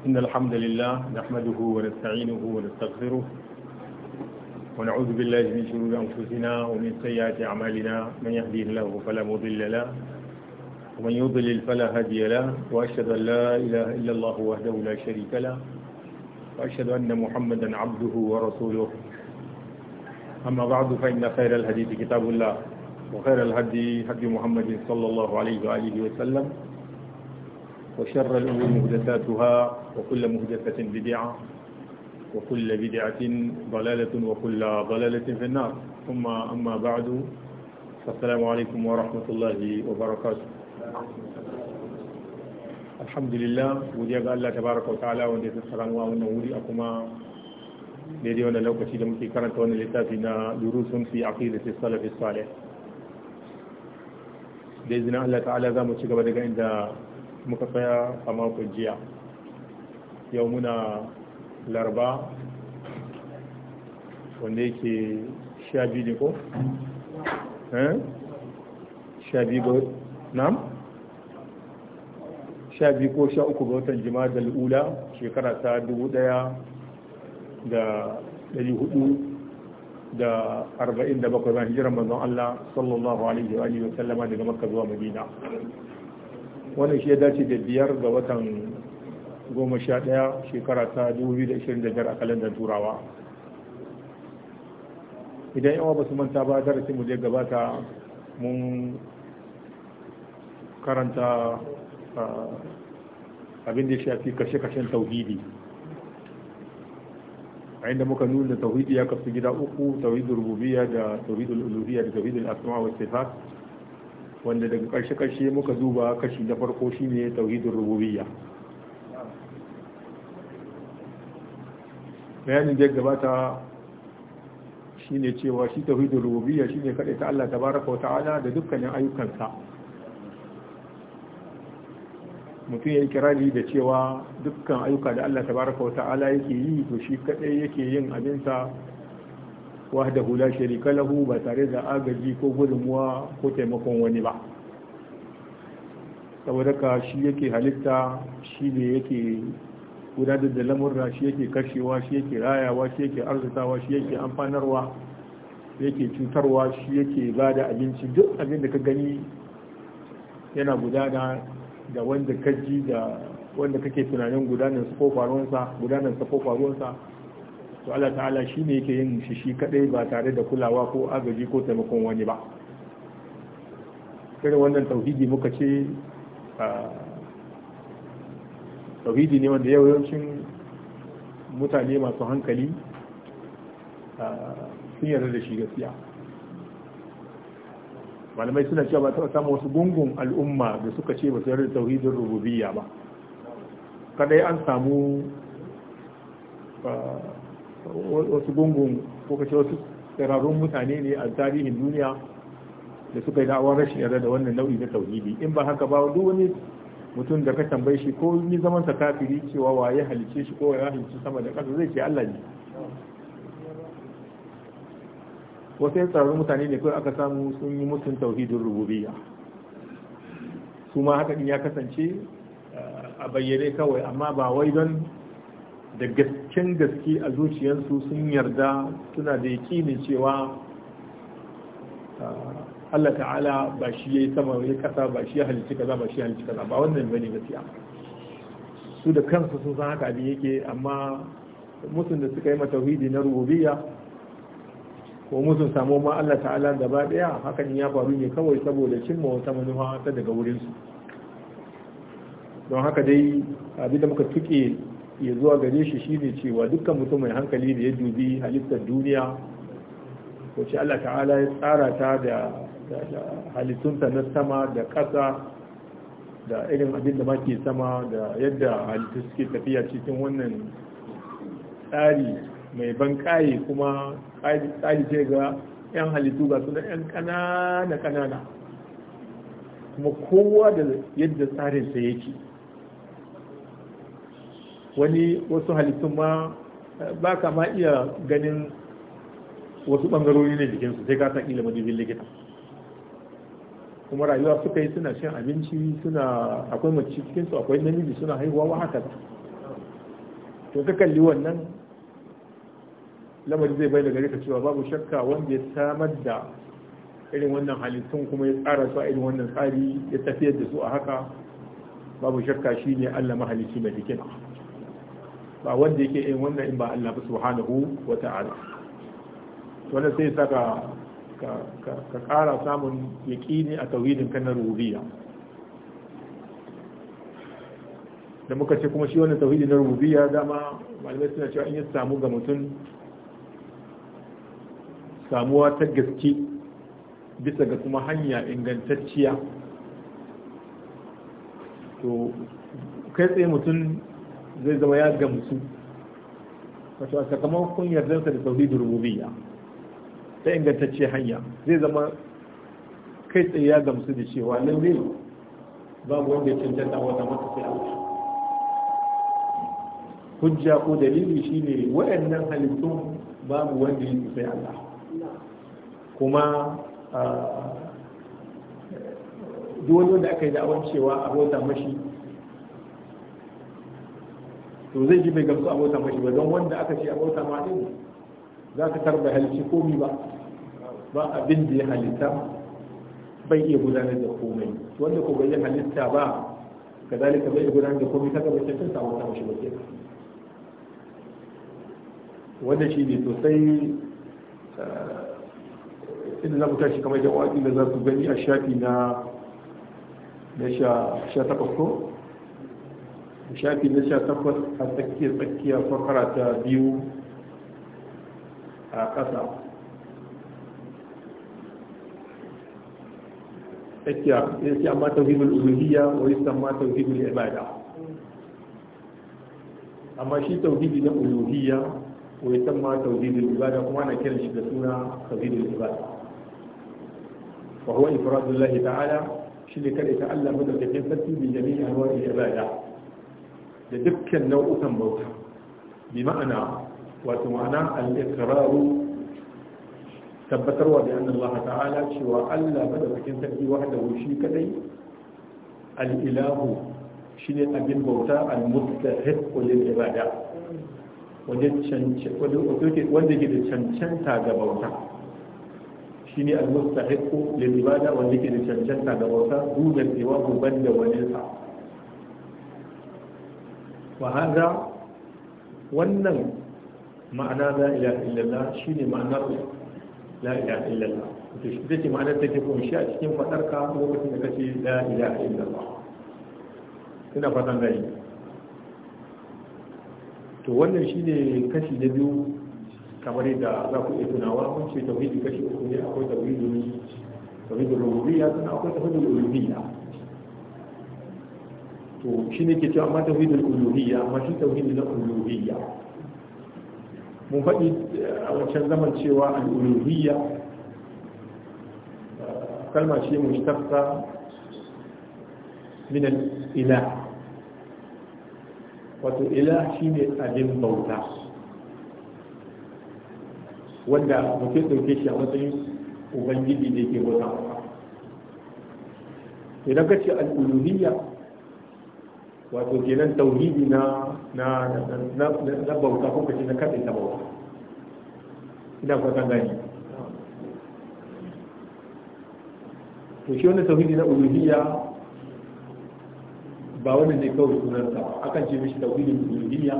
إن الحمد لله نحمده ونستعينه ونستغفره ونعوذ بالله من شرور أنفسنا ومن سيئات أعمالنا من يهديه الله فلا مضل له ومن يضلل فلا هادي له وأشهد أن لا إله إلا الله وحده لا شريك له وأشهد أن محمدا عبده ورسوله أما بعد فإن خير الحديث كتاب الله وخير الهدي هدي محمد صلى الله عليه وآله وسلم وشر الأمور مهدثاتها وكل مهدثة بدعة وكل بدعة ضلالة وكل ضلالة في النار ثم أما بعد فالسلام عليكم ورحمة الله وبركاته الحمد لله ودي الله تبارك وتعالى ودي السلام وأنه ودي أكما لدي وانا لو كشيدا مكي كانت وانا لتاتنا دروس في عقيدة السلف الصالح بإذن الله تعالى ذا مشيك بدك عند muka tsaya a makon jiya yau muna larba wanda yake sha biyu ne ko? Eh? sha biyu ba nam? sha biyu ko sha uku ga watan jima'a da al'ula shekara ta dubu daya da dari hudu da arba'in da bakwai bayan hijiran manzon Allah sallallahu alaihi wa sallama daga makka zuwa madina wannan shi ya dace da biyar ga watan goma sha daya shekara ta 2025 a kalendar turawa idan yawa ba su manta ba tare mu je gabata mun karanta abin da shafi kashe-kashen tauhidi a inda muka nuna tauhidi ya kafin gida uku tauhidul rububiya da tauhidul uluriya da tauhidul asma wa sifat wanda daga karshe-karshe muka duba kashi na farko shine tauhidin rububiyya bayanin da ya gabata shine cewa shi tauhidin rububiyya shine kaɗai ta Allah tabaraka wata'ala da dukkanin ayyukansa mutum ya yi kirari da cewa dukkan ayyuka da Allah tabaraka wata'ala yake yi to shi kaɗai yake yin abinsa wahdahu hula sharika lahu ba tare da agaji ko gudunmuwa ko taimakon wani ba saboda ka shi yake halitta shi ne yake gudanar da lamurra shi yake kashewa shi yake rayawa shi yake arzutawa shi yake amfanarwa yake cutarwa shi yake ba da abinci duk abin da ka gani yana gudana da wanda kaji da wanda kake tunanin gudanar sa to Allah ta'ala shi ne yake yin shi shi kadai ba tare da kulawa ko agaji ko taimakon wani ba kare wannan tauhidi muka ce tauhidi ne wanda yawancin mutane masu hankali sun yarda da shi gaskiya malamai suna cewa ba taɓa samun wasu gungun al'umma da suka ce ba su yarda da tauhidin rububiyya ba kadai an samu wasu gungun ko kace wasu tsirarun mutane ne a tarihin duniya da suka yi da'awar rashin yarda da wannan nau'i na tauhidi in ba haka ba duk wani mutum da ka tambaye shi ko ni zaman sa kafiri cewa wa ya halice shi ko ya halice sama da ƙasa zai ce Allah ne wasu ya mutane ne kawai aka samu sun yi mutum tauhidin rububiyya su ma haka ya kasance a bayyane kawai amma ba wai don da gasken gaske a zuciyarsu sun yarda suna da yakinin cewa ah, Allah ta'ala ba shi ya yi sama ya kasa ba shi ya halitta kaza ba shi ya halitta kaza ba wannan bane gaskiya su da kansu sun san haka abin yake amma musun da suka yi mata tauhidi na rububiyya ko musun samu ma Allah ta'ala gaba daya hakan ya faru ne kawai saboda cimma wata manufa ta daga wurin su don haka dai abin da muka tuke ya zuwa gare shi shine cewa dukkan mutum mai hankali da ya dubi halittar duniya wacce Allah ta'ala ya tsara ta da halittunta na sama da ƙasa da irin abin da ke sama da yadda halittu suke tafiya cikin wannan tsari mai ban kaye kuma tsari ce ga 'yan halittu ga suna 'yan ƙanana kanana kuma kowa da yadda tsarinsa yake wani wasu halittun ma eh, ba ka ma iya ganin wasu bangarori ne jikinsu sai ka san ila madubin likita kuma rayuwa suka yi suna shan abinci suna akwai mace cikinsu akwai namiji suna haihuwa wa haka to ka kalli wannan lamari zai bai da gare ka cewa babu shakka wanda ya samar da irin wannan halittun kuma ya tsara su a irin wannan tsari ya tafiyar da su a haka babu shakka ne Allah mahalicci mai hikima ba wanda yake yin wannan in ba Allah ba subhanahu wa ta'ala wannan sai saka ka ƙara samun yaƙini a tauhidin kan rububiyya da muka ce kuma shi wannan tauhidin na rububiyya dama malamai suna cewa in ya samu ga mutum samuwa ta gaske bisa ga kuma hanya ingantacciya to kai tsaye mutum zai zama ya gamsu wato a sakamakon yardarsa da tauhidul rububiyya ta ingantacce hanya zai zama kai tsaye ya gamsu da cewa lalle babu wanda ya cancanta wata mata sai Allah hujja ko dalili shine waɗannan halittun babu wanda ya sai Allah kuma duk wanda aka yi da'awar cewa a bauta mashi to zai ji bai gamsu a bauta mashi ba don wanda aka ce a bauta ma ne za ka tarba halittu komi ba ba abin da ya halitta bai iya gudanar da komai wanda ko bai halitta ba ka zalika bai gudanar da komai ta bai tantance a bauta mashi ba wanda shi ne sosai eh, inda za mu tashi kamar da da za su gani a shafi na sha takwas ko shafi na sha takwas a tsakiya tsakiya fakara ta biyu a ƙasa tsakiya ya ce amma tauhidul uluhiyya wa yusamma tauhidul ibada amma shi tauhidi na uluhiyya wa yusamma tauhidul ibada kuma na kiran shi da suna tauhidul ibada wa huwa ifradullah ta'ala shi ne kada ta Allah madaukakin sarki bi jami'i anwa'i ibada da dukkan nau'ukan bauta bi ma'ana wato ma'ana al-iqraru tabbatarwa da annan Allah ta'ala cewa Allah ba da bakin sarki wahda shi kadai al-ilahu shine abin bauta al-mustahiq lil ibada wanda ke da cancanta ga bauta shine al-mustahiq lil ibada wanda ke da cancanta ga bauta duk da cewa ban da wani sa فهذا wannan ma'ana la ilaha illallah shine ma'anar la ilaha illallah to shi take ma'anar take kunshi a cikin fadar ka lokacin da kace la ilaha illallah ina fatan gani to wannan shine kashi na biyu kamar yadda za ku iya tunawa kun ce tauhidi kashi uku ne akwai tauhidul tauhidul rububiyya sannan akwai tauhidul uluhiyya to shi ne ke cewa amma tauhidul uluhiyya amma shi tauhidul uluhiyya mun faɗi a wancan zaman cewa al-uluhiyya kalma ce mushtaqqa min al-ilah wato ilah shine abin bauta wanda mutum ɗauke shi a matsayin ubangiji da yake bauta idan ka ce al-uluhiyya wato kenan tauhidi na na na bauta ko kace na kadai ta bauta ina fatan gani to shi wannan tauhidi na uluhiyya ba wani ne kawai sunan sa akan ce mishi tauhidin uluhiyya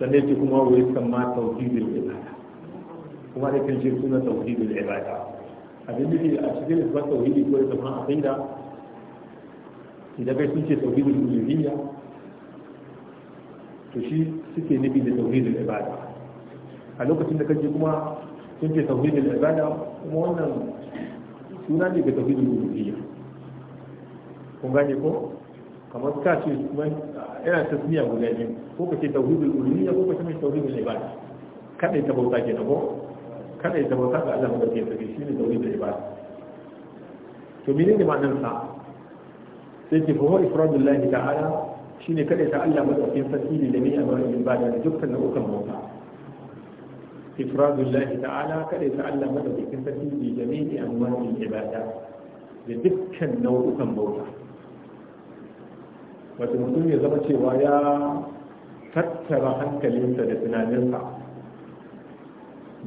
sannan ce kuma wai kan ma tauhidul ibada kuma da kan ce sunan tauhidin ibada abin da a cikin isbat tauhidi ko da kuma da? idan kai sun ce tauhidul uluhiyya to shi suke nufi da tauhidul ibada a lokacin da kake kuma sun ce tauhidul ibada kuma wannan suna ne ga tauhidul uluhiyya kun gane ko kamar ka ce kuma yana tasmiya guda ne ko ka tauhidul uluhiyya ko ka mai tauhidul ibada kada ta bauta ke ko kada ta bauta ga Allah ba ke shi ne tauhidul ibada to menene ma'anar sa sai ce fahuwa ifradullahi shi ne kadai ta Allah madaukakin sarki ne da ne a bayan ibada da dukkan nau'ukan bauta ifradullahi ta'ala kadai ta Allah madaukakin sarki ne da ne a bayan ibada da dukkan nau'ukan bauta wato mutum ya zama cewa ya tattara hankalinsa da tunaninsa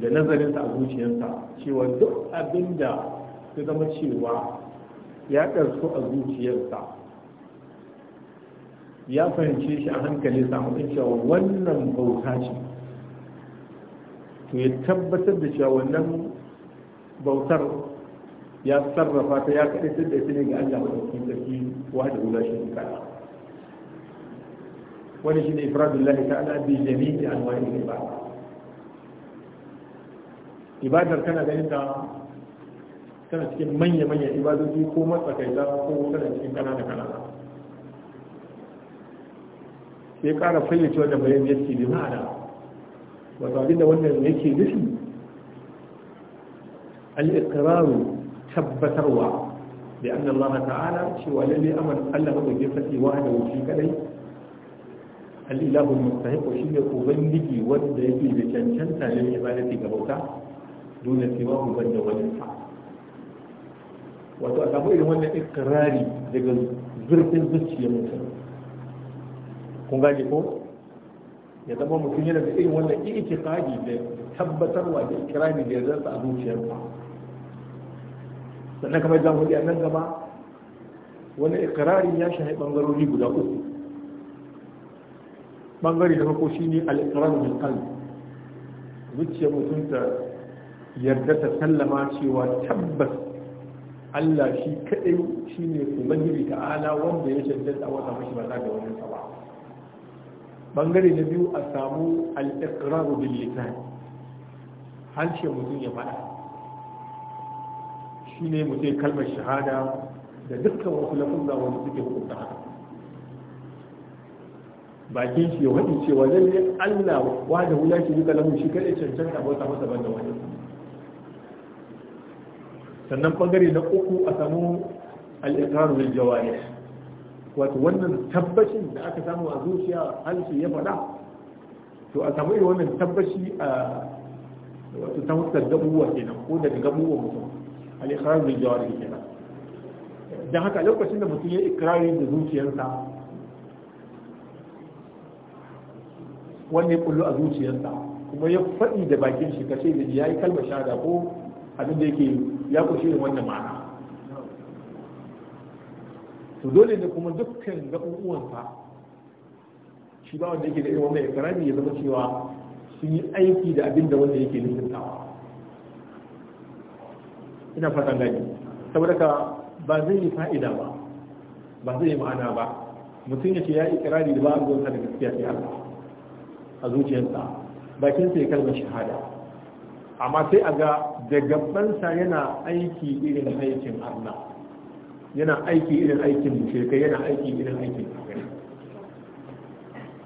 da nazarinsa a zuciyarsa cewa duk abinda ya zama cewa ya ɗarsu a zuciyarsa ya fahimce shi a hankali samun cewa wannan bauta ce to ya tabbatar da cewa wannan bautar ya sarrafa ta ya ta da ne ga Allah maɗaukakin sarki wa da wula shi ne wani shi ne ifradullahi ta'ala bi jami'i anwa'in ibada ibadar kana ganin ta tana cikin manya manya ibadoji ko matsakaita ko tana cikin kanana-kanana sai kara fayyace wanda bayan yake da ma'ana wato abin da wannan yake nufi al-iqraru tabbatarwa bi anna Allah ta'ala cewa lalle aman Allah ba ke saki wa da wuce kadai al-ilahu mustahiqu shi ne ubangiji wanda yake da cancanta ne ibadati ga bauta dole sai wa ubangiji wani wato a samu irin wannan ikirari daga zurfin zuciya mutum kun gaji ko ya zama mutum yana da irin wannan itikadi da tabbatarwa da ikirari da yarda a zuciyar ba sannan kamar zan hudu a nan gaba wani ikirari ya shahi ɓangarori guda uku bangare da farko shine al da kan qalb zuciyar mutum ta yarda ta sallama cewa tabbas Allah shi kaɗai kadai shine ubangiji ta'ala wanda ya cancanta wata mashi ba za ga wani sa ba bangare na biyu a samu al-iqraru bil lisan harshe mutum ya faɗa Shi shine mutum kalmar shahada da dukkan wasu lafuzza wanda suke hukunta haka bakin shi ya waɗi cewa lallai Allah wa da wula shi duka lamun shi kadai cancanta wata masa ban da wani sannan bangare na uku a samu al'iqraru bil jawarih wato wannan tabbacin da aka samu a zuciya su ya faɗa to a samu yi wannan tabbaci a wato ta huskar gabuwa kenan ko daga gabuwa mutum al'iqraru bil ke kenan don haka lokacin da mutum ya ikirari da zuciyarsa wanne kullu a zuciyarsa kuma ya faɗi da bakin shi kashe da ya yi kalmar shahada ko abin da yake ya ku shi wannan ma'ana to dole ne kuma dukkan ga gaɓuɓuwansa shi ba wanda yake da irin wannan ikrami ya zama cewa sun yi aiki da abin da wanda yake nufintawa ina fatan gani saboda ka ba zai yi fa'ida ba ba zai yi ma'ana ba mutum ya ce ya yi karami da ba a sa da gaskiya sai Allah a zuciyarsa bakin sai kalmar shahada amma sai a ga da gabansa yana aiki irin aikin Allah yana aiki irin aikin mushrikai yana aiki irin aikin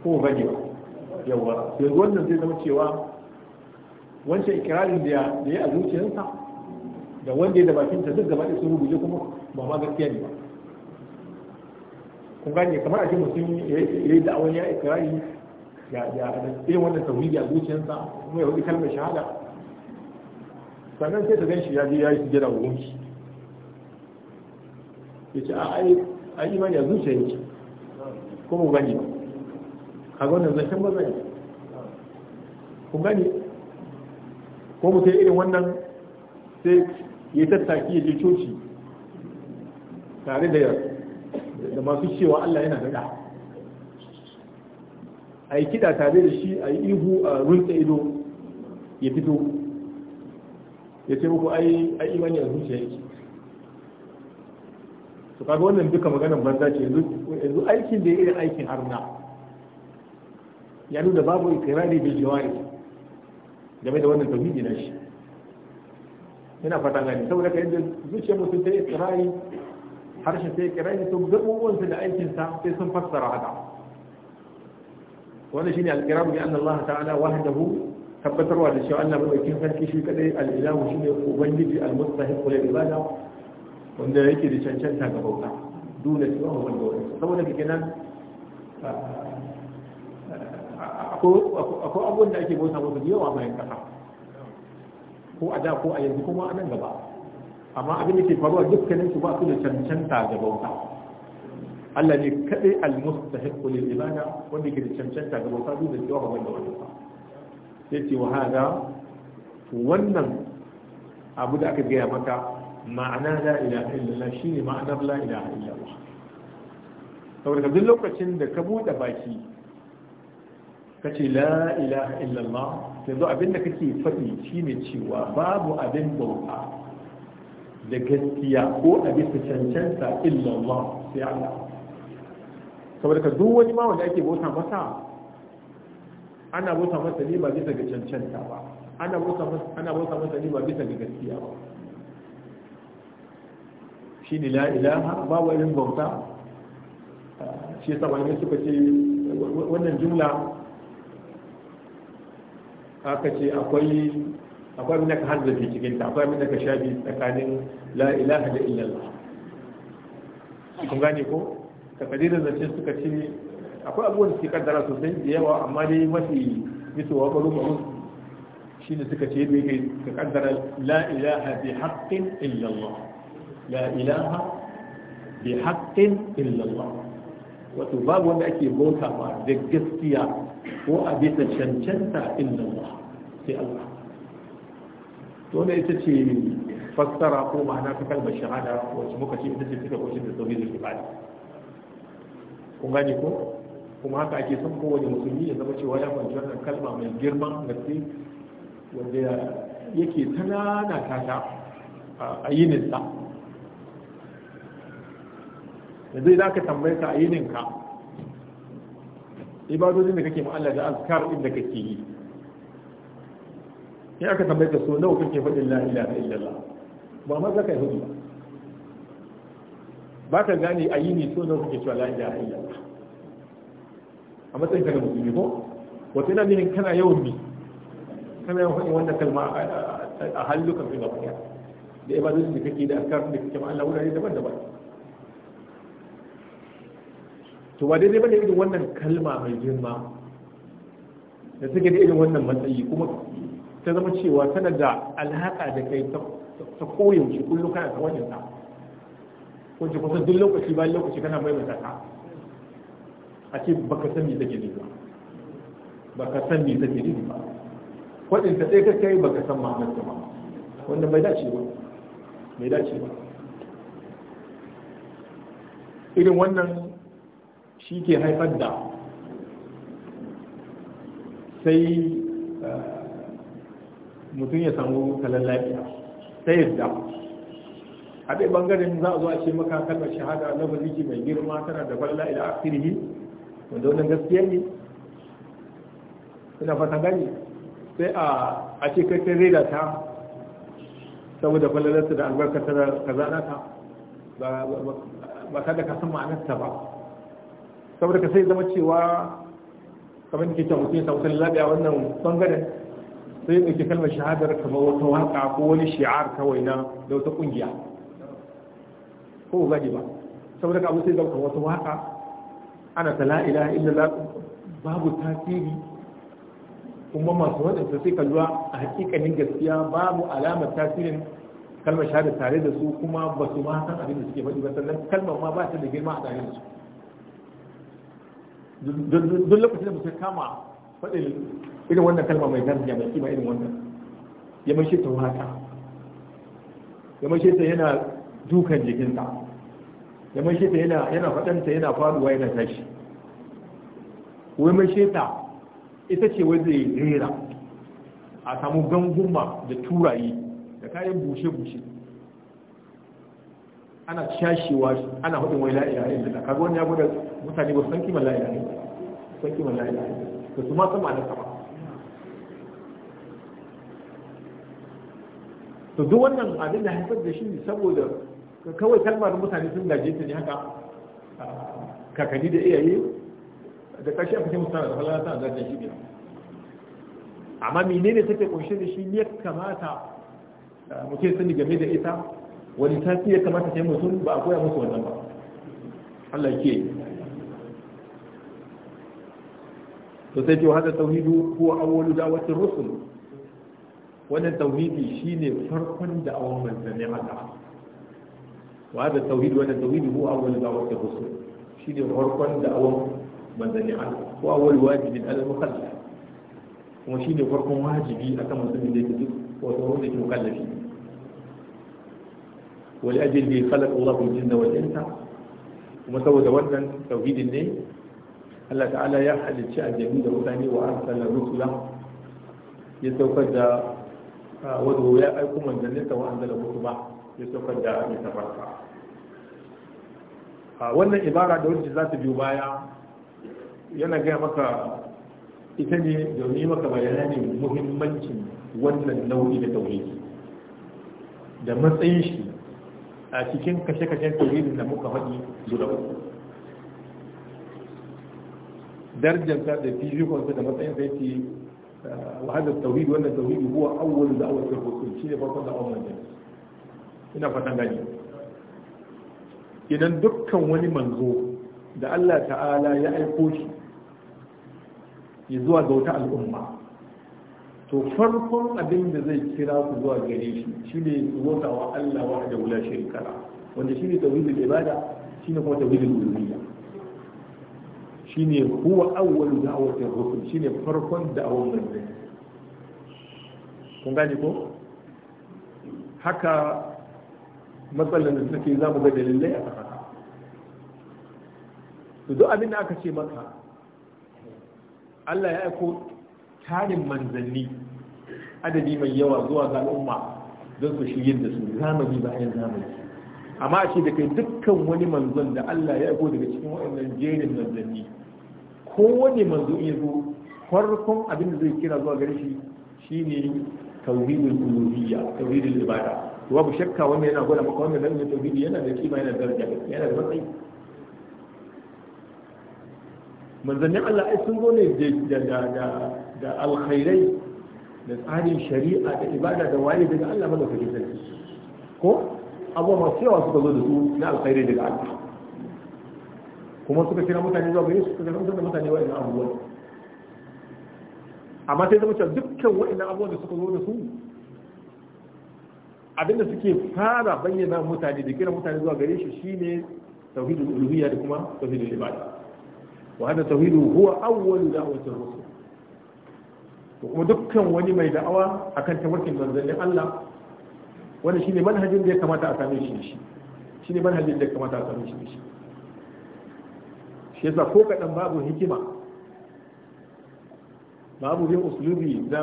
ko gani ba yawa sai wannan zai zama cewa wancan ikirarin da ya yi a zuciyarsa da wanda ya da bakinta duk gaba sun rubuce kuma ba ma gaskiya ne ba kun gane kamar a ce mutum ya yi da'awar ya ikirari ya irin wannan tauhidi a zuciyarsa kuma ya wani kalmar shahada sannan sai ta gan shi ya je ya yi su jira gunki ya ce a yi mani a zuciya yake ko mu gani a gwanin zancen ba zai ku gani ko mu irin wannan sai ya tattaki ya je coci tare da da masu cewa Allah yana da a yi kiɗa tare da shi a yi ihu a rutsa ido ya fito ya ce muku ai ai imani a zuciya yake to kaga wannan duka maganar banza ce yanzu aikin da ya irin aikin harna ya nuna babu ikirari bil jawari game da wannan tauhidi na shi yana fata gani saboda ka yadda mu sun ta ikirari harshen ta ikirari to gaɓoɓinsa da aikinsa sai sun fassara haka wannan shine al-ikraru bi anna Allah ta'ala wahdahu tabbatarwa da cewa Allah madaukakin sarki shi kadai al-ilahu shine ubangiji al-mustahiq lil ibada wanda yake da cancanta ga bauta dole shi ba wanda wani saboda kike nan akwai abubuwan da ake bauta musu da yawa bayan kasa ko a da ko a yanzu kuma a nan gaba amma abin da ke faruwa dukkanin su ba su da cancanta ga bauta Allah ne kadai al-mustahiq lil ibada wanda ke da cancanta ga bauta dole shi ba wanda wani sai ce wahada wannan abu da aka gaya maka ma'ana la ilaha illallah shine ma'anar la ilaha illallah saboda duk lokacin da ka bude baki ka ce la ilaha illallah yanzu abin da kake faɗi shine cewa babu abin bauta da gaskiya ko a bisa cancanta illallah sai Allah saboda ka duk wani ma wanda ake bauta masa ana bauta masa ne ba bisa ga cancanta ba ana bauta masa ne ba bisa ga gaskiya ba shi ne la ilaha ba wa irin bauta shi yasa wani suka ce wannan jumla aka ce akwai akwai abin da ka cikin ta akwai abin da ka shafi tsakanin la ilaha da illallah kun gane ko kadirin zance suka ce akwai abubuwan da suke kaddara sosai da yawa amma dai mafi misowa baro baro shi ne suka ce bai kai ka kaddara la ilaha bi haqqin illa Allah la ilaha bi haqqin illa Allah wato babu wanda ake bauta ba da gaskiya ko a bisa cancanta illa Allah sai Allah to ne ita ce fassara ko ma'ana ta kalmar shahada wacce muka ce ita ce suka koshin da da tauhidul ibada kun gane ko kuma haka ake son kowane musulmi ya zama cewa ya fahimci wannan kalma mai girman gaske wanda yake tanana tata a yininsa yanzu za ka tambaye ka a yininka Ibadodin da kake ma'alla da azkar inda kake yi ya aka tambaye ka so nawa kake faɗin la da illallah ba ma za ka yi hudu ba ka gane a yini so nawa kake cewa la da illallah a matsayin ka na musulmi ko wata yana nuna kana yawan bi kana yawan haɗin wannan kalma a hallukan fi ba kuya da ibadun da kake da azkar da kake ma Allah wurare daban-daban to ba daidai bane irin wannan kalma mai girma da take da irin wannan matsayi kuma ta zama cewa tana da alhaka da kai ta koyaushe kullum kana ta wajen ta wacce kusan duk lokaci bayan lokaci kana maimaita ta a ce baka san me take ne ba baka san me take ne ba kwadin ta sai kai baka san ma'anar ta ba wanda bai dace ba bai dace ba irin wannan shi ke haifar da sai mutum ya samu kalan lafiya sai yadda a ɗaya ɓangaren za a zo a ce maka kalmar shahada na ba mai girma tana da balla ila akhirihi wanda wannan gaskiya ne Suna fata gani sai a ce kai sai zai ta saboda kwallonarsa da albarkar ta kaza ta ba kada ka san ma'anarta ba saboda ka sai zama cewa kamar da ke can mutum ya samu sanin labiya wannan bangaren sai ya ɗauki kalmar shahadar kamar wata waka ko wani shi'ar kawai na da wata ƙungiya ko ba ba saboda ka abu sai zama kamar wata waka ana ta la'ila illallah babu tasiri kuma masu waɗansu sai kalluwa a hakikanin gaskiya babu alamar tasirin kalmar shaɗa tare da su kuma ba su ma san abin da suke faɗi ba sannan kalmar ma ba ta da girma a tare da su duk lokacin da mutum kama faɗin irin wannan kalma mai daraja mai kima irin wannan ya shi ta wata ya shi ta yana dukan jikinta. ya mai sheta yana faɗanta yana faɗuwa yana tashi wai mai sheta ita ce wai zai rera a samu ganguma da turaye da kayan bushe-bushe ana shashewa ana haɗin wai la'ila illallah kaga wani ya gudu mutane ba san kima la'ira illallah san kima la'ira illallah da su ma sama ma'anar sama to duk wannan abin da haifar da shi saboda kawai kalmar mutane sun gaje ta ne haka kakanni da iyaye da ƙarshe a fashe mutane da falala ta zaje shi biya amma menene take kunshe da shi ya kamata mutum sani game da ita wani tafi ya kamata ta yi mutum ba a koya musu wannan ba Allah ke to sai ce wa hada tauhidu ko awwalu da'watir rusul wannan tauhidi shine farkon da'awar manzanni Allah wa da tauhid wa da tauhid huwa awwal da'awan manzanni Allah ko awwal wajibin ala al-mukallaf kuma shine farkon wajibi akan musulmi da yake duk wato wanda yake mukallafi wa li ajli khalaqa Allahu al-jinna wal insa kuma saboda wannan tauhidin ne Allah ta'ala ya halicci aljannu da mutane ya saukar da ah, wato ya aiko manzanninsa ya saukar da tafarka a wannan ibara da wacce za ta biyu baya yana gaya maka ita ne domin maka bayanin muhimmancin wannan nau'i da tauhidi da matsayin shi a cikin kashe-kashen tauhidin da muka faɗi guda uku darajarsa da fifikonsa da matsayin sai ce eh, wa hadar tauhidi wannan tauhidi huwa awwal da awwal firqatul shi ne farkon da awwal da ina fatan gani idan dukkan wani manzo da Allah ta'ala ya aiko shi ya zuwa ga wata al'umma to farkon abin da zai kira ku zuwa gare shi shine zuwa wa Allah wa da wula shirkara wanda shine tauhidul ibada shine kuma tauhidul uluhiyya shine huwa awwal da'wati rusul shine farkon da'awar manzo kun gane ko haka matsalar da suke za mu ga dalilai a kasa to duk abin da aka ce maka Allah ya aiko tarin manzanni adadi mai yawa zuwa ga al'umma don su shirye da su zamani bayan zamani amma ce da kai dukkan wani manzon da Allah ya aiko daga cikin waɗannan jerin manzanni ko wani manzo ya zo farkon abin da zai kira zuwa gare shi shine tauhidul uluhiyya tauhidul ibada Wa babu shakka wanda yana gwada maka wanda zai ne tauhidi yana da kima yana da daraja yana da matsayi manzannin Allah ai sun zo ne da da da alkhairai da tsarin shari'a da ibada da waye daga Allah kake sarki ko abuwa masu yawa suka zo da su na alkhairai daga Allah kuma suka kira mutane zuwa gare su suka zama da mutane wa'in abubuwan amma sai zama cewa dukkan wa'in abubuwan da suka zo da su abinda suke fara bayyana mutane da kira mutane zuwa gare shi shine tauhidul uluhiyya da kuma tauhidul ibada wa hada tauhidu huwa awwal da'watir rusul to kuma dukkan wani mai da'awa akan tabarkin manzannin Allah wanda shine manhajin da ya kamata a same shi shi shine manhajin da ya kamata a same shi shi shi yasa ko kadan babu hikima babu yin uslubi na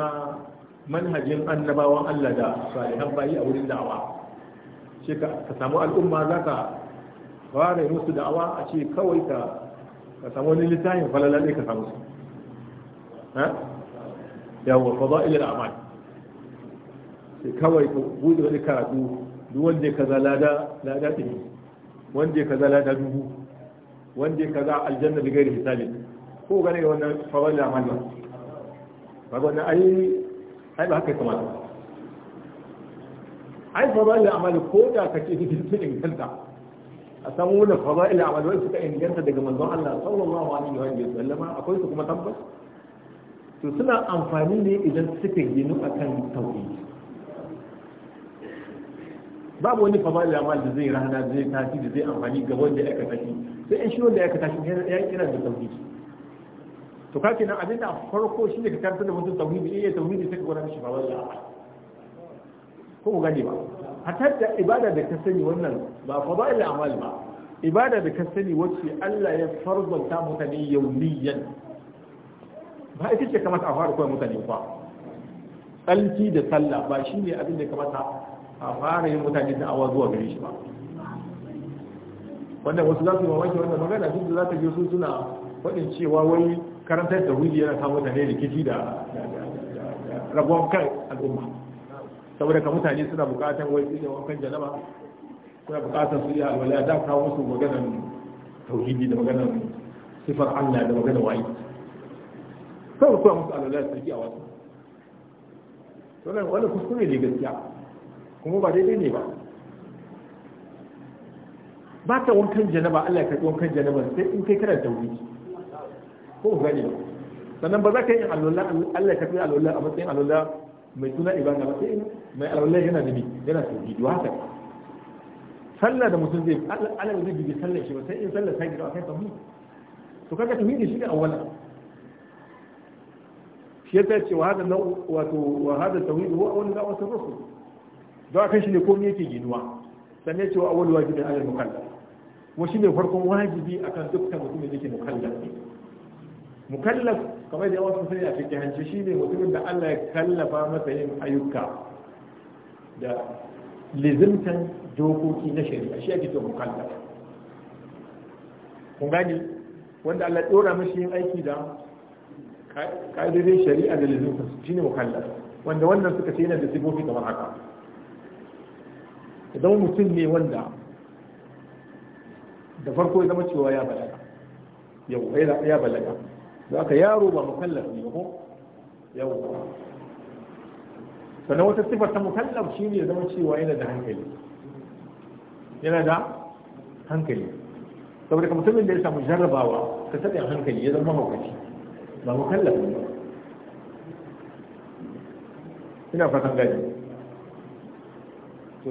manhajin annabawan Allah da salihan bayi a wurin da'awa ce ka samu al'umma za ka fara yi musu da'awa a ce kawai ka ka samu wani littafin falala ne ka samu su yawon fada ilil amal sai kawai ka buɗe wani karatu duk wanda ka za lada lada ɗin wanda ka za lada dubu wanda ka za aljanna da gairi misali ko gane wannan fada ilil amal ba ba wannan ai ai ba haka ya kamata ai fada'il amali ko da ka ce cikin sun inganta a samu wani fada'il amali wani suka inganta daga manzon Allah sallallahu alaihi wa sallam akwai su kuma tabbas to suna amfani ne idan suka ginu akan tauhidi babu wani fada'il amali da zai rana zai tafi da zai amfani ga wanda ya aikata shi sai in shi wanda ya aikata ya yana da tauhidi to kake nan abin da farko shi ne ka karfi da mutum tauhidi eh tauhidi sai ka gwada shi ba wai ko ku gani ba hatta da ibada da ka sani wannan ba fadail amal ba ibada da ka sani wacce Allah ya farzanta mutane yaumiyan ba ita ce kamata a fara koyar mutane ba tsalki da sallah ba shi ne abin da kamata a fara yin mutane da awa zuwa gare shi ba wanda wasu za su yi mamaki wannan magana duk da za ta je su suna faɗin cewa wai karanta da hujji yana samu mutane rikici da rabuwan kan al'umma saboda ka mutane suna bukatar wai da wankan janaba suna bukatar su iya alwala da ka musu maganar tauhidi da maganar sifar Allah da maganar wayi kawai kuwa musu alwala da sarki a wasu wannan wani kuskure ne gaskiya kuma ba daidai ne ba ba ta wankan janaba Allah ya karɓi wankan janaba sai in kai kana tauhidi ko gani ba sannan ba za ka yi alwala Allah ya kafi alwala a matsayin alwala mai suna ibada ba sai mai alwala yana nabi yana tauhidi wa haka sallah da mutum zai Allah zai bibi sallah shi ba sai in sallar sai gida kai tauhidi to kaga tauhidi shi ne awwala shi yasa ce wa hada nau wato wa hada tauhid huwa awwal da'wat ar-rusul don akan shi ne komai yake ginuwa sannan cewa awwal wajibin alal mukallaf wa ne farkon wajibi akan dukkan mutum da yake mukallaf mukallaf kamar da wasu sai a cikin hanci shine mutumin da Allah ya kallafa masa yin ayyuka da lizimtan dokoki na shari'a shi ake cewa mukallaf kun gani wanda Allah ya dora mashi yin aiki da ka'idodin shari'a da lizimtan shine mukallaf wanda wannan suka ce yana da sifofi kamar haka idan mutum ne wanda da farko ya zama cewa ya balaga yau ya balaga ذاك يا روبا مكلف منه يوم فنو تصفة مكلف شيء يدعو شيء وإلى ده هنكلي إلى ده هنكلي طب لك مسلم ليس مجرب أو كسر يا هنكلي يدعو ما هو كشي ما مكلف هنا فتح لي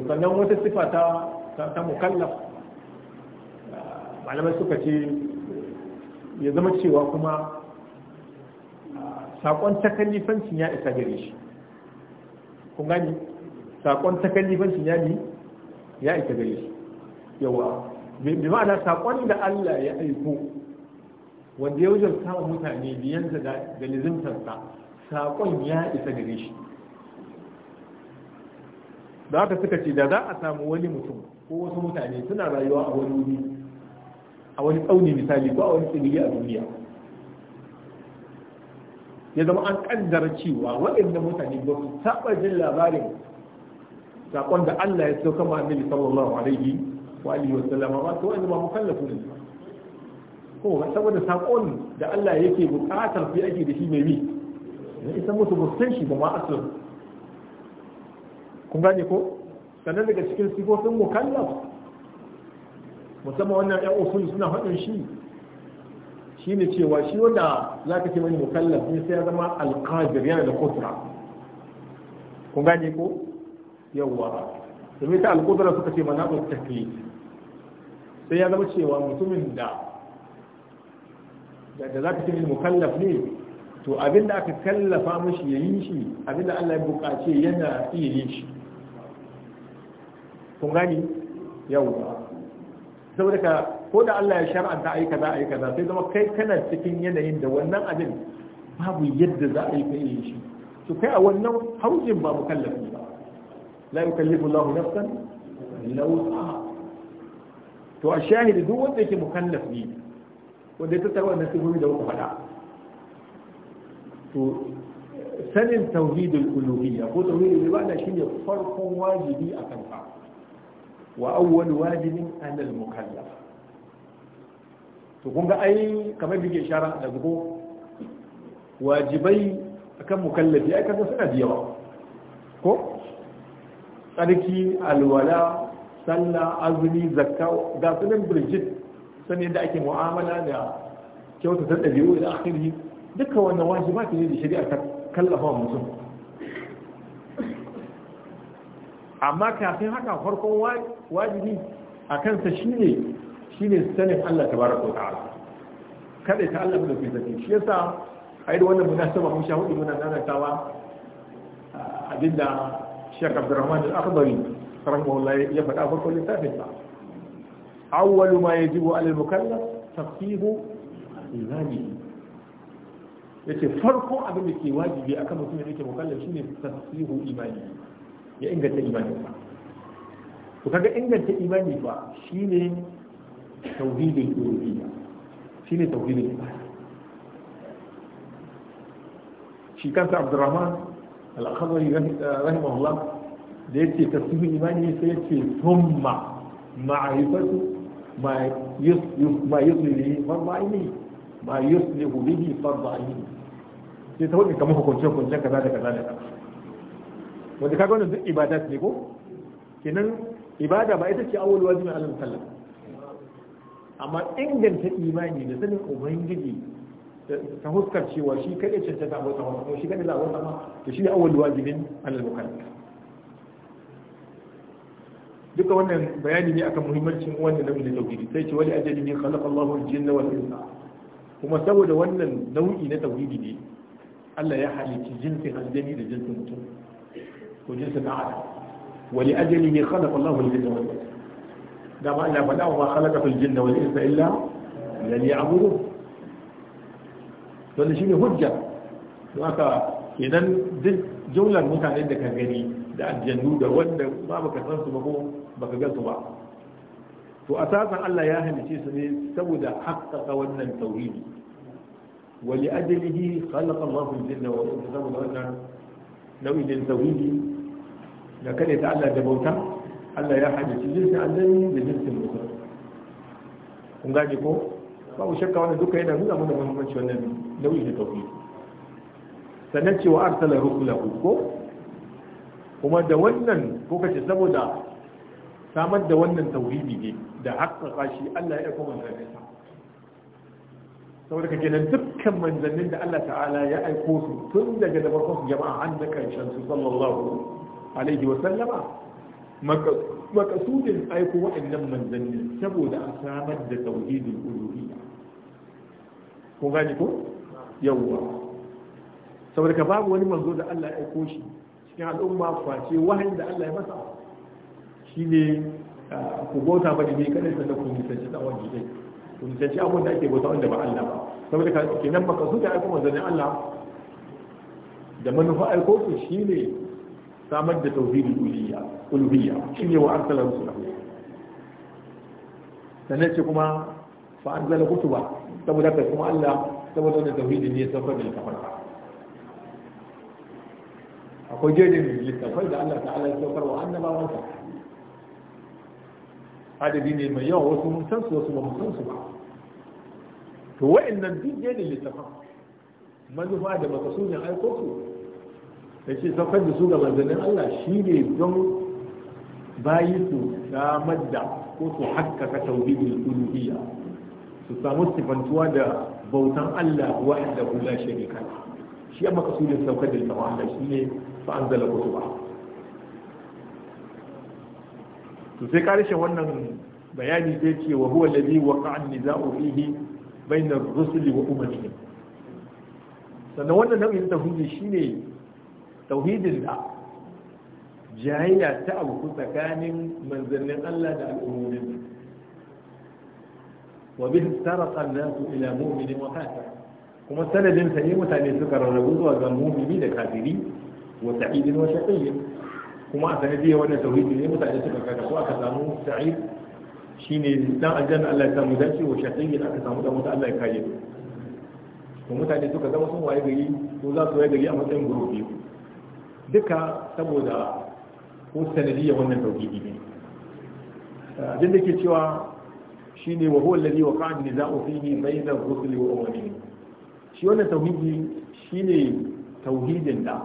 فنو تصفة تا تا مكلف على آه، ما سكتي يدعو شيء وكما sakon takallifancin ya isa gare shi kun gani sakon takallifancin ya ni ya isa gare shi yawa bi ma'ana sakon da Allah ya aiko wanda ya wajen samun mutane biyan da lizimtansa sakon ya isa gare shi da haka suka ce da za a samu wani mutum ko wasu mutane suna rayuwa a wani wuri a wani tsauni misali ko a wani tsibiri a duniya ya zama an kaddara cewa waɗanda mutane ba su taɓa jin labarin Saƙon da Allah ya sauka ma annabi sallallahu alaihi wa alihi wa sallama ba to wanda ba kallafu ne ko saboda sakon da Allah yake buƙatar fi ake da shi mai bi ne isa musu musu shi ba ma asal kun gane ko sannan daga cikin sifofin mukallaf musamman wannan ƴan usul suna faɗin shi shi ne cewa shi wanda za ka ce mani mukallaf ne sai ya zama alƙadir yana da kudura kun gane ko yawwa domin ta alƙudura suka ce mana ba taklif sai ya zama cewa mutumin da da za ka ce mani mukallaf ne to abinda aka kallafa mashi ya yi shi abinda Allah ya buƙace yana iya yin shi kun gani yawwa saboda ka ko da Allah ya shar'anta yi kaza a yi kaza sai zama kai kana cikin yanayin da wannan abin babu yadda za a yi kai yin shi to kai a wannan haujin ba mukallafi ba la yukallifu Allahu nafsan illa wus'aha to a shahidi duk wanda yake mukallafi wanda ya tattara wannan sifofi da muka faɗa to sanin tauhidul uluhiyya ko tauhidul ibada shine farkon wajibi akan ka wa awwal wajibin alal mukallaf to kun ga ai kamar da shara da zuko wajibai akan mukallafi ai kaga suna da yawa ko tsarki alwala sallah azumi zakka ga sunan birjit san yadda ake mu'amala da kyautata ɗabi'u da akhiri duka wannan wajiba ne da shari'a ta kallafa mutum amma kafin haka farkon wajibi a kansa shine shine sanin Allah ta tabaraka ala. kada ta Allah da fitati shi yasa ai da wannan munasaba mun sha hudu muna nanatawa abinda Sheikh Abdurrahman Al-Akhdari rahimahullah ya faɗa farko littafin sa awwalu ma yajibu 'ala al-mukallaf tafsihu imanihi yace farko abin da ke wajibi akan mutum da yake mukallaf shine tafsihu imani ya inganta imaninsa to kaga inganta imani ba shine توحيد uluhiyya shine توحيد ibada shi kansa abdurrahman al-akhadari rahimahullah da yake tasirin imani sai yake thumma ma'rifatu ma yuslihu sai ta wuce kamar hukunce hukunce kaza da kaza da kaza wanda kaga wannan duk ne ko kenan ibada ba ita ce awwal alal sallah amma inganta imani da sanin ubangiji ta huskar cewa shi kaɗai cancanta bauta wa ko shi kaɗai zaɓar sama to shi ne awwal wajibin alal mukallaf duka wannan bayani ne akan muhimmancin wannan nau'i na tauhidi sai ce wani ajali ne khalaqa Allahu al-jinna wal insa kuma saboda wannan nau'i na tauhidi ne Allah ya halicci jinsin aljani da jinsin mutum ko jinsin adam wani ajali ne khalaqa Allahu al-jinna wal insa da ma Allah faɗa wa khalaqa fil jinni wal insa illa liya'budun don shi ne hujja to haka idan duk jumlar mutanen da ka gani da aljannu da wanda ba baka san su ba ko baka ga su ba to asasan Allah ya halice su ne saboda haƙƙaƙa wannan tauhidi wa li ajlihi khalaqa Allahu al-jinna wa al-insa saboda wannan nau'in tauhidi da kare ta Allah da bauta Allah ya hajjaci jinsin annabi da jinsin mutum kun gaji ko babu shakka wanda duka yana nuna mana muhimmanci wannan nau'i da tauhi sannan cewa arsala rukula ko kuma da wannan ko kace saboda samar da wannan tauhidi ne da haƙƙaƙa shi Allah ya aika manzanninsa saboda kake nan dukkan manzannin da Allah ta'ala ya aiko su tun daga da farkon jama'a an da ƙarshen su sallallahu alaihi wa sallama makasudin aiko waɗannan manzanni saboda a samar da tauhidin uluhiyya ko gani ko yawwa saboda ka babu wani manzo da Allah ya aiko shi cikin al'umma kwace wahayin da Allah ya masa shine ku bauta ba ne kadai sannan ku nisanci da wani dai ku nisanci abin da ake bauta wanda ba Allah ba saboda ka kenan makasudin aiko manzanni Allah da manufa aiko su shine سامد توحيد الألوهية ألوهية إني وأرسل رسوله سنتكما فأنزل كتبا تبو لكما ألا تبو لنا توحيد إني سفر للكفر أقول جيد للتوحيد ألا تعالى سفر وأن ما وانسى هذا دين من يوه وسمم سنس وسمم سنس وإن الدين جيد للتفر ما نفعه ما تسوني على قصوه ya ce saukar da su ga manzannin Allah shi ne don bayi su samar da ko su haskaka tauhidul uluhiyya su samu sifantuwa da bautan Allah wa'anda la sharika shi amma kasudin saukar da tawon Allah shi ne fa anzala ba. Su sai karshen wannan bayani zai ce wa huwa alladhi waqa'a an-nizaa'u fihi bayna rusuli wa ummihim sannan wannan nau'in tauhidi shine tauhidin da jayayya ta abu tsakanin manzannin Allah da al'ummomin wa bin tarasa nasu ila mu'minin wa kafir kuma sanadin sa ne mutane suka rarrabu zuwa ga mu'mini da kafiri wa sa'idin wa shaqiyyin kuma a sanadiyar wannan tauhidi ne mutane suka kada ko aka samu sa'id shine dan aljanna Allah ya samu dace wa shaqiyyin aka samu da wata Allah ya kare ko mutane suka zama sun waye gari ko za su waye gari a matsayin biyu? duka saboda ko sanadiyya wannan tauhidi ne abin da ke cewa shine wa huwa alladhi waqa'a an-niza'u fihi bayna ar-rusul wa umamihim shi wannan tauhidi shine tauhidin da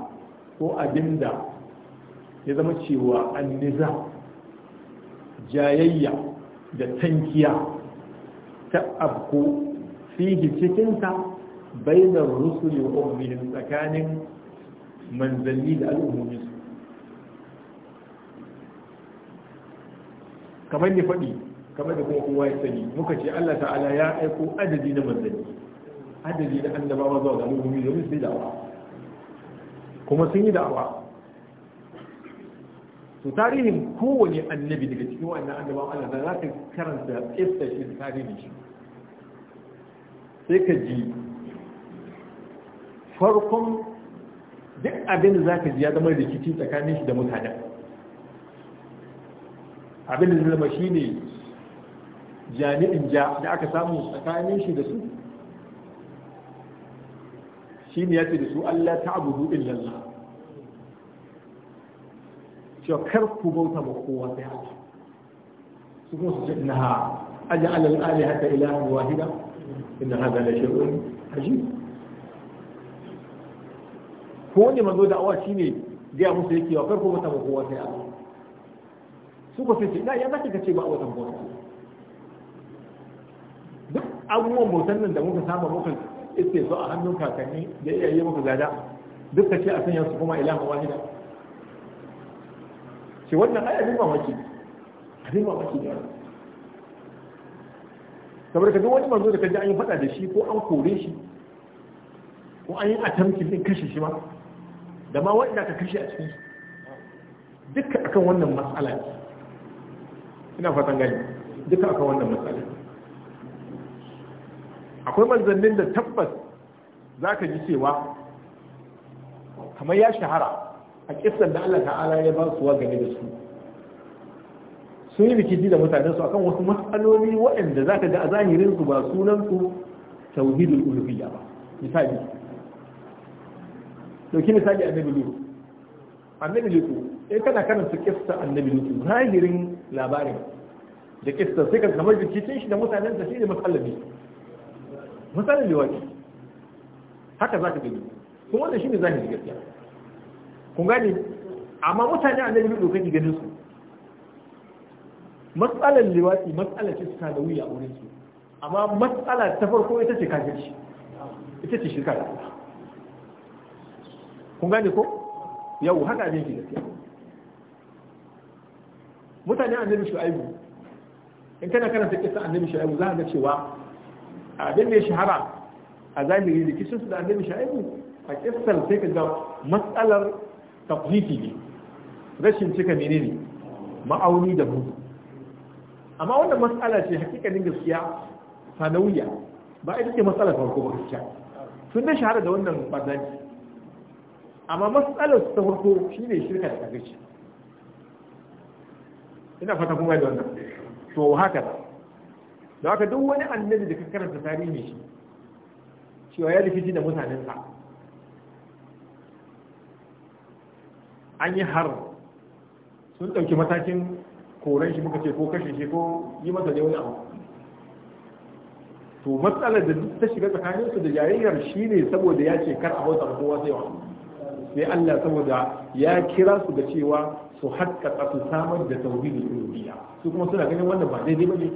ko abinda ya zama cewa an-niza jayayya da tankiya ta abku fihi cikinta bainar rusuli wa ummihin tsakanin manzanni da al'ummomin su kamar ne faɗi kamar da kuma kowa ya sani muka ce Allah ta'ala ya aiko adadi na manzanni adadi da annabawa zuwa ga al'ummomi domin su yi da'awa kuma sun yi da'awa to tarihin kowane annabi daga cikin wannan annabawa Allah da za ka karanta tsafta shi da tarihin shi sai ka ji farkon duk abin da zaka ji ya zama rikici tsakanin shi da mutanen abin da zama shine jami'in ja da aka samu tsakanin shi da su shi ne ya ce da su Allah ta abudu illallah cewa kar ku bauta ba kowa sai haka su kuma su ce na aja alal ali hatta ilahan wahida inna hadha la shay'un ajib ko wanda manzo da awa shine gaya musu yake wa farko wata mako wata ya su ko sai ina ya zaka ka ce ba wata bauta duk abubuwan bautan nan da muka saba muka iste so a hannun kakanni da iyaye muka gada duk ka ce a sanya su kuma ilaha wahida ce wannan ai abin mamaki abin mamaki ne saboda ka duk wani manzo da ka ji an yi faɗa da shi ko an kore shi ko an yi atamkin din kashe shi ma da ma wadda ka kashe a cikin duka akan wannan matsala ina fatan gani duka akan wannan matsala akwai manzannin da tabbas za ka ji cewa kamar ya shahara a kisan da Allah ta'ala ya ba su game da su sun yi rikici da mutanen su akan wasu matsaloli waɗanda za ka ga a zahirin su ba sunan su tauhidul uluhiyya ba misali dauki misali annabi lutu annabi lutu eh kana su kissa annabi lutu zahirin labarin da kissa sai ka kamar da cikin shi da mutanen sa shine masallabi misalin liwaki haka za ka gani kuma wannan shine zahiri gaskiya kun gane amma mutane annabi lutu kake ganin su matsalar liwaki matsalar ce suka da wuya a wurin su amma matsala ta farko ita ce kafirci ita ce shirka da Allah kun gane ko yau haka abin ke gaskiya mutane annabi shu'aibu in kana karanta kisan annabi shu'aibu za ga cewa abin da ya shahara a zahiri da kisan su da annabi shu'aibu a kisan sai ka ga matsalar tafhiti ne rashin cika menene ma'auni da mutu amma wannan matsala ce hakikanin gaskiya sanawiya ba ita ce matsalar farko ba gaskiya sun da shahara da wannan bazani amma matsalar ta farko ne shirka da kafirci ina fata kuma da wannan to haka da da haka duk wani annabi da ka karanta tarihi shi cewa ya rikici da mutanen sa an yi har sun ɗauki matakin koren shi muka ce ko kashe shi ko yi masa ne wani abu to matsalar da ta shiga tsakaninsu da jayayyar shi ne saboda ya ce kar a bauta kowa sai wa sai Allah saboda ya kira su da cewa su haƙƙaƙa su samar da tauhidul uluhiyya su kuma suna ganin wannan ba daidai bane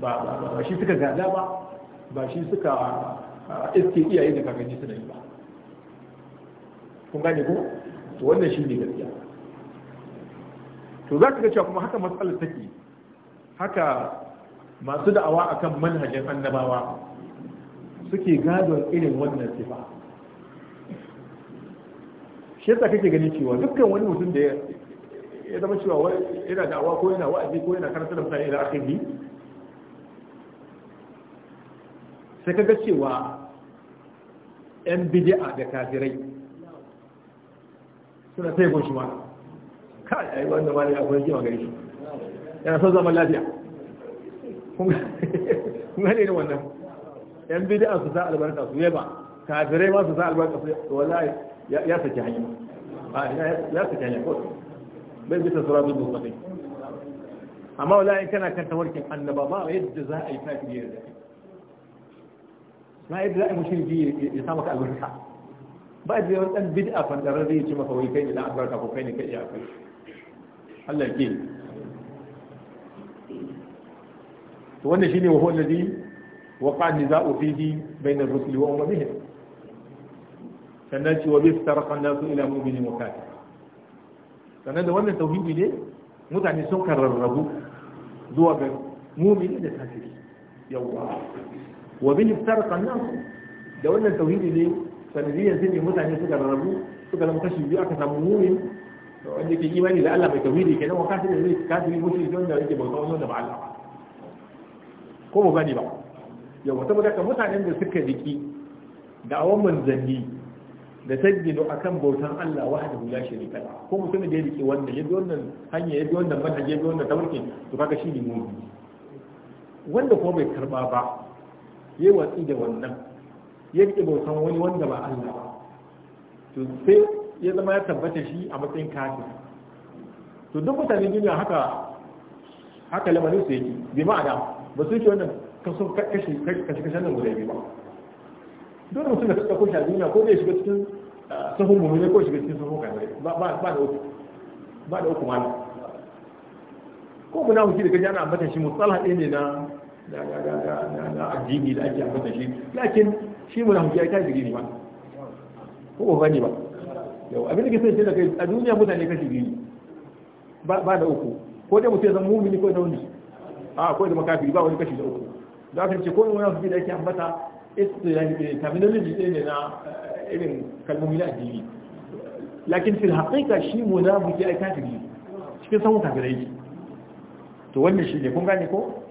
ba ba shi suka gada ba ba shi suka iske iyaye da kakanni suna yi ba kun gane ko to wannan shi ne gaskiya to za ka ga cewa kuma haka matsalar take haka masu da'awa akan manhajin annabawa suke gadon irin wannan sifa shi yasa kake ganin cewa dukkan wani mutum da ya zama cewa yana da'awa ko yana wa'azi ko yana karanta da mutane ila yi sai kaga cewa yan a da kafirai suna sai gun shi ma kai ai wannan ma ne akwai jima gare shi yana son zaman lafiya kun gane ne wannan yan a su sa albarka su yaba kafirai ma su sa albarka su wallahi ya saki hanyar قال آه، لا لا لا لا أما ولا إن كان كان تولكم أن بابا يجزاء أي فات جير ما يجزاء مشير جير يسامك أبو الرحا بعد ذلك أن بدأ فان أرضي كما هو يكين إلا أكبر كفو كين كي يأكل الله يجيل وأن شيني وهو الذي وقع النزاء فيه بين الرسل وأمه بهم sannan ce wa bisu tarafan nasu ila mu'minin wa kafir sannan da wannan tauhidi ne mutane sun kararrabu zuwa ga mu'mini da kafiri yawa wa bisu tarafan nasu da wannan tauhidi ne sanadiyyar sai ne mutane suka rarrabu suka zama kashi biyu aka samu mu'min da wanda ke imani da Allah mai tauhidi kenan wa kafiri zai kafiri mushriki wanda yake bauta da ba Allah ba ko ba gani ba yawa saboda mutanen da suka jiki riki da'awan manzanni da ta akan bautan Allah wahdahu la sharika la ko mutum da yake rike wannan ya bi wannan hanya ya bi wannan manhaji ya bi wannan tawarkin to kaga shi ne mu'min wanda ko bai karba ba yayi watsi da wannan ya rike bautan wani wanda ba Allah ba to sai ya zama ya tabbata shi a matsayin kafir to duk mutane duniya haka haka lamarin su yake bi ma'ana ba su yi wannan kaso kashi kashi nan guda biyu ba dole mutum da suka ko shi duniya ko zai shiga cikin ah, sahun ne ko shiga cikin sahun kafirai ba da uku ba da uku malam ko muna hukunci da kaji ana ambatan shi mutsala ɗaya ne na na addini da ake ambatan shi lakin shi muna hukunci ya ta jiri ne ba ko ba ne ba yau abin da ke sai da kai a duniya mutane kashi biyu ba da uku ko dai mutum ya zama mumini ko da wani a ko da makafiri ba wani kashi da uku da aka ce ko wani wani da ake ambata istilahi terminology ɗaya ne na irin kalmomi na addini lakin fil haƙiƙa shi mu muke munafiki ai biyu cikin sahun kafirai to wannan shi ne kun gane ko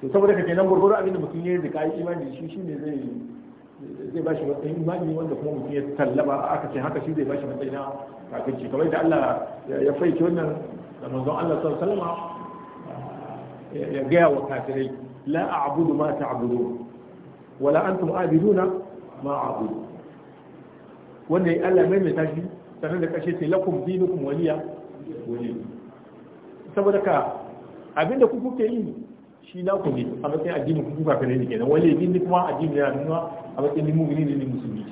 to saboda kake nan gurguru abinda mutum ya zika yi imani shi shi ne zai zai bashi matsayin imani wanda kuma mutum ya tallaba aka ce haka shi zai bashi matsayin kafirci kamar da Allah ya faice wannan da manzon Allah sallallahu alaihi wasallam ya gaya wa kafirai la a'budu ma ta'budun wala antum abiduna ma abudu wanda ya Allah mai tashi sanar da kashe sai lakum dinukum waliya waliya saboda ka abinda ku kuke yi shi na ku ne a matsayin addinin ku kuka kare ne kenan wali din kuma addini ya nuna a matsayin mugini ne musulmi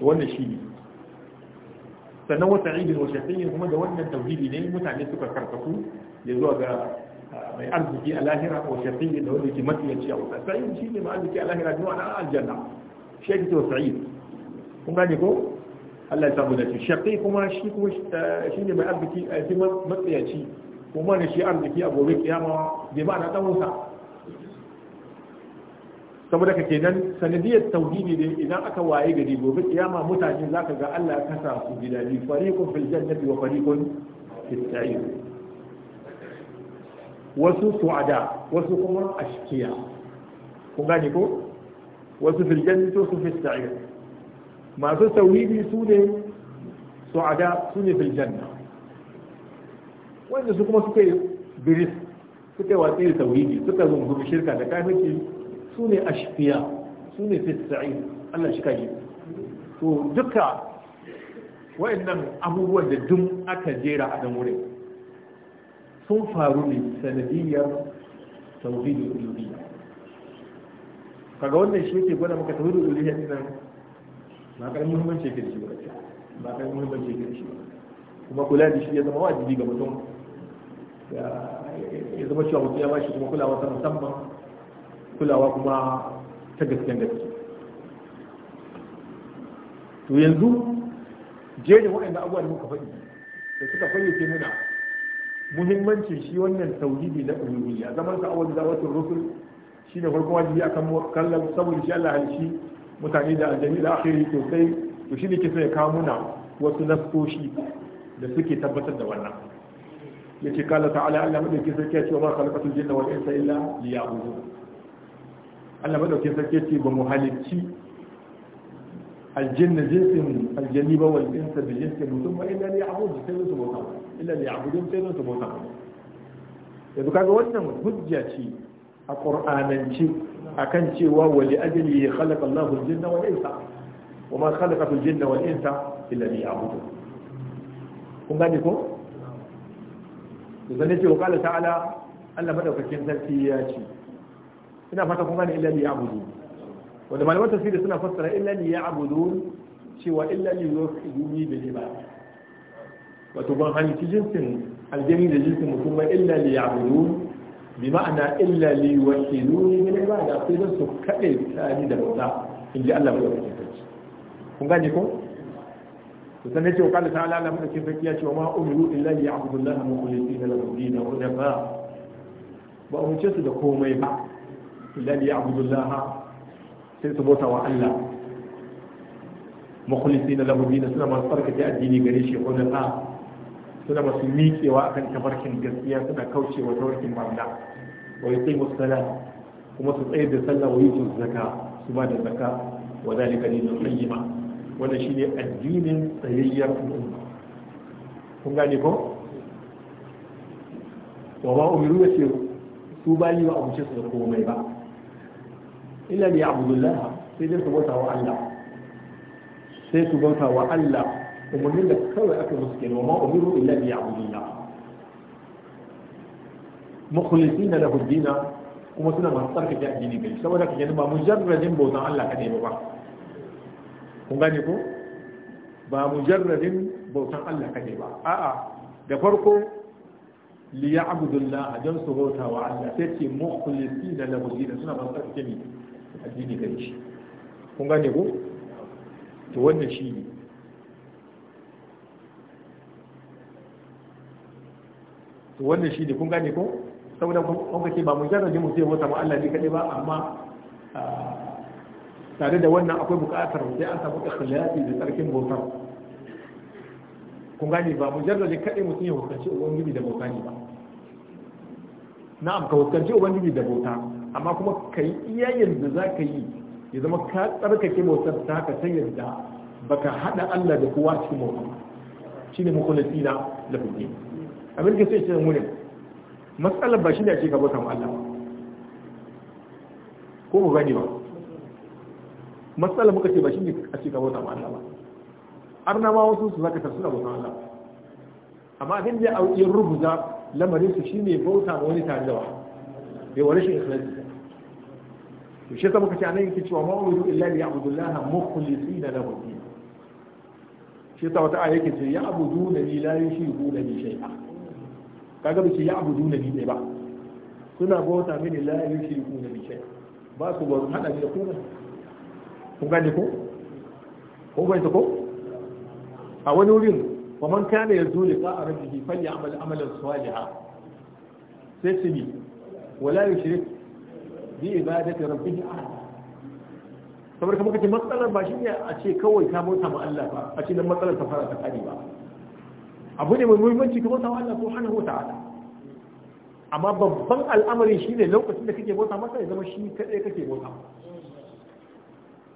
wannan shi ne sannan wata idin wa shafiyin kuma da wannan tauhidi ne mutane suka karkatu ya zuwa ga mai arziki a lahira ko shafi da wanda ke mafiyaci a wuta sa'id shi ne mai arziki a lahira ne wani aljanna shi ake to sa'id kun gane ko Allah ya samu da shi shafi kuma shi kuma shi ne mai arziki a shi mafiyaci kuma ne shi arziki a gobe kiyama bai ba na tsawonsa saboda ka kenan sanadiyar tauhidi ne idan aka waye gari gobe kiyama mutane zaka ga Allah ya kasa su gida biyu fariqun fil jannati wa fariqun fis sa'ir wasu su'ada wasu kuma ashkiya Ku gane ko wasu fil jannati wasu fil sa'ir masu tauhidi su ne su'ada su ne fil janna wanda su kuma suka yi biris suka yi watsi da tauhidi suka zunguru shirka da kafirci su ne ashkiya su ne fil sa'ir Allah shi kaji to duka wa'annan abubuwan da dum aka jera a dan wurin sun faru ne sanadiyar tauhidu uluhiyya kaga wannan shi yake gwada maka tauhidu uluhiyya nan ba karamin muhimmanci yake da shi ba ba karamin muhimmanci yake da shi kuma kula da shi ya zama wajibi ga mutum ya zama cewa mutum ya bashi kuma kulawa ta musamman kulawa kuma ta gaskiyar gaske to yanzu jerin waɗanda abubuwa da muka faɗi da suka fayyace muna muhimmancin shi wannan tauhidi na uluhiyya zaman sa awal zawatul rusul shine farko wajibi akan kallon saboda shi Allah halishi mutane da aljami da akhiri to sai to shine kisa ya kawo muna wasu nasoshi da suke tabbatar da wannan yace kala ta'ala Allah madaukin sarki ya ce ba khalqatul jinna wal insa illa liya'budu Allah madaukin sarki ya ce ba mu halicci aljanna jinsin aljani ba wal insa bi jinsin mutum ba illa liya'budu sai su bauta illa li ya'budun sai don su bauta yanzu kaga wannan hujja ce a qur'anance akan cewa wa li ajli khalaqa Allahu al-jinna wal insa wa ma khalaqa al-jinna wal insa illa li ya'budun kun gane ko zane ce wa kala ta'ala Allah madaukakin sarki ya ce ina fata kun gane illa li ya'budu wanda malaman tafsiri suna fassara illa li ya'budu cewa illa li yu'minu bil ibada wato ban halitta jinsin aljami da jinsin mutum ba illa li ya'budun bi ma'ana illa li wakiluni min ibada sai dan su kade tani da bauta in ji Allah ba ya kace kun gane ko to sanin cewa kallon ta'ala Allah mutum sarki ya ce wa ma umiru illa li ya'budullaha mukhlisina lahu dinahu hunafa ba ce su da komai ba illa li ya'budullaha sai su bauta wa Allah mukhlisina lahu dinahu suna masu farka addini gare shi hunafa suna ba su miƙewa akan tabarkin gaskiya suna kaucewa tafarkin mamla wa yi tsaye musala kuma su tsaye da sallah wa yi su zaka su ba da zaka wa zalika ne don tsayyima wanda shi ne addinin tsayayyar al'umma kun gane ko wa ba umiru ya ce su ba yi wa abuce su da komai ba illa ne abudullah sai dai su bauta wa Allah sai su bauta wa Allah umarnin da kawai aka musu kenan ma umiru illa bi ya'buduna mukhlisina lahu dina kuma suna masu tsarkake addini gari saboda kake ba mujarradin bautan Allah kadai ba kun gane ko ba mujarradin bautan Allah kadai ba a'a da farko li ya'budullah don su bauta wa Allah sai ce mukhlisina lahu dina suna masu tsarkake addini gari kun gane ko to wannan shi ne to wannan shi ne kun gane ko saboda kun kace ba mujarradin mu sai wata ma Allah ne kadai ba amma tare da wannan akwai buƙatar sai an samu ikhlasi da tsarkin bautar kun gane ba mun mujarradin kadai mutum ya hukunci ubangiji da bauta ne ba na'am ka hukunci ubangiji da bauta amma kuma kai iya yanzu za ka yi ya zama ka tsarkake bautar ta ka ta yadda baka hada Allah da kowa cikin bautar shine mukhlasina da din abin da sai ce mu ne matsalar ba shi ne a ake gaba samu Allah ko ba gani ba matsalar muka ce ba shi ne a ake gaba samu Allah ba har na ma wasu su zaka suna ba Allah amma abin da ya rubuta lamarin su shine bauta ma wani tare da wa bai wani shi ikhlasi to shi ta muka ce anan yake cewa ma'udu illa na ya'budullaha da na din shi ta wata ayake ce ya'buduna li la da bi shai'a kaga ba ce ya abu duna ni ba suna bauta mini la yushriku na bi shay ba su ba hada da kuma ku gane ko ko gane ko a wani wurin wa man kana yazu liqa rabbihi falyamal amalan salihan sai su bi wala yushrik bi ibadati rabbihi ahad saboda kuma kace matsalar ba shi ne a ce kawai ta bauta ma Allah ba a ce dan matsalar ta fara ta kare ba abu ne mai muhimmanci ka bauta wa Allah subhanahu wata'ala amma babban al'amari shine lokacin da kake bauta masa ya zama shi kadai kake bauta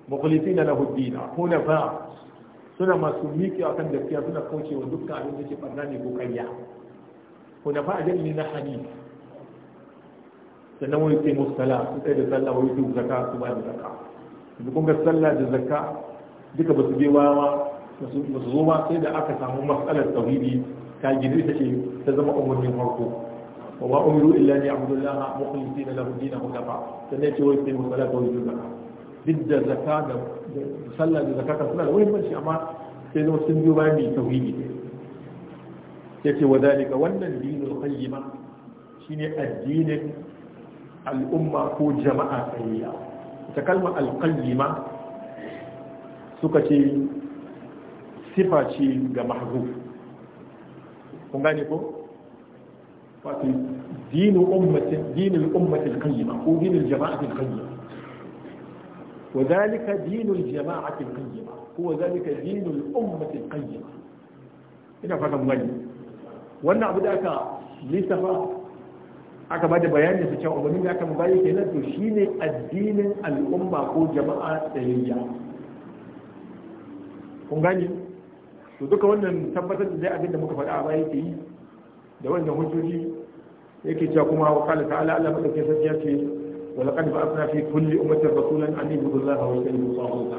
mukhlisina lahu dina hunafa suna masu miƙe akan gaskiya suna kaucewa dukkan abin da ke barna ne ko ko kariya hunafa ajal ne na hadith sannan wani ke musala su tsaye da sallah wani su zaka su ba da zaka su ga sallah da zaka duka ba su bi wawa ba su zo ba sai da aka samu matsalar tauhidi ta gidi ta ce ta zama umarnin farko wa ma umiru illa ni abdullah mukhlisin lahu dinahu kafa sannan ya ce wai sai musalla tauhidi zakka duk da zakka da sallah da zakka suna da muhimmanci amma sai zama sun biyo bayan mai tauhidi ya ce wa zalika wannan dinul qayyima shine addinin al'umma ko jama'a tsayayya ta kalmar alƙayyima suka ce sifa ce ga kun gane ko wato ummati ummati al-qayyima ko jama'ati al-qayyima abu da aka lissafa aka bada bayani su cewa umarnin da aka mubayi kenan to shine addinin al'umma ko jama'a tsayayya to duka wannan tabbatar da zai abin da muka faɗa a baya yake yi da wannan hujjoji yake cewa kuma wa qala ta'ala Allah madaukakin sarki ya ce wa laqad ba'athna fi kulli ummatin rasulan an yabudu Allah wa yajtanibu tawagut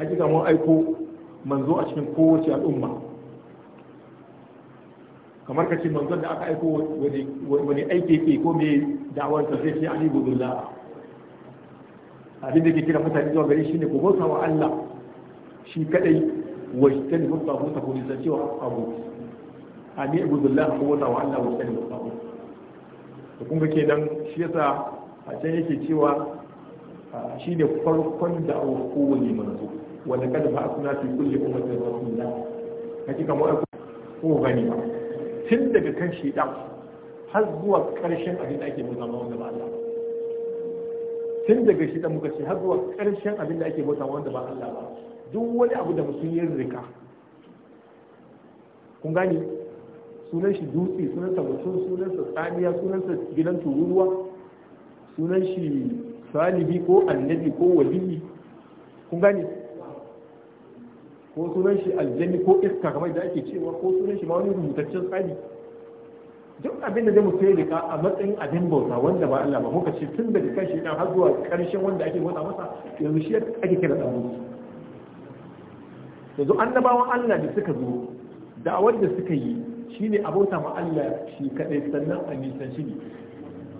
hakika mun aiko manzo a cikin kowace al'umma kamar ka ce manzon da aka aiko wani aiki ke ko me da'awar ta sai shi ali budullah abin da ke kira mutane zuwa gari shine ko bauta wa Allah shi kadai wajtan hu taguta ku nisa cewa abu a ne ibudullah ko wata wa Allah wajtan hu taguta to kun ga kenan shi yasa a can yake cewa shi ne farkon da awa kowane manzo wanda kada ba a suna fi kulle umarnin rasulullah hakika mu aiko ko gani ba tun daga kan shi ɗan, har zuwa karshen abin da ake bauta ma wanda ba Allah tun daga shi ɗan muka ce har zuwa karshen abin da ake bauta ma wanda ba Allah ba duk wani abu da musu yin rika kun gani sunan shi dutse sunansa mutum sunansa tsaniya sa gidan tururuwa sunan shi salibi ko annabi ko waliyi kun gani ko sunan shi aljami ko iska kamar da ake cewa ko sunan shi ma wani rubutaccen tsari duk abin da zai sai ya rika a matsayin abin bauta wanda ba Allah ba muka ce tun daga kan shi har zuwa karshen wanda ake bauta masa yanzu shi ake kira dan mutum yanzu annabawan Allah da suka zo da da suka yi shi a abota ma Allah shi kadai sannan a nisan shi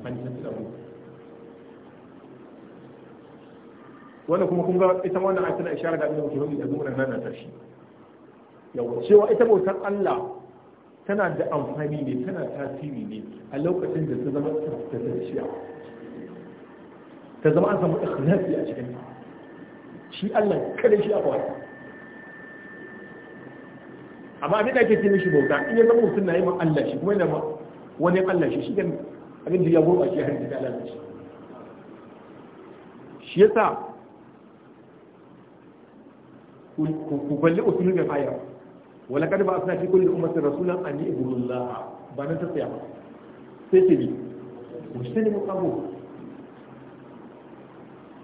a nisan shi abu kuma kun ga ita wannan a tana ishara da annabawan shirin da zuwa nan ta shi yawa cewa ita bautar Allah tana da amfani ne tana tasiri ne a lokacin da ta zama tsaftatacciya ta zama an samu ikhlasi a cikin shi Allah kada shi a kawai amma abin da ake cikin shi bauta in ya zama mutum na yi ma Allah shi kuma yana ma wani Allah shi shi ne abin da ya shi har da Allah shi shi yasa ku kalli usulun da faya wala kada ba a suna fi kulli ummatin rasulan an yi ibulullah ba na ta tsaya ba sai ce shi ta mu qabu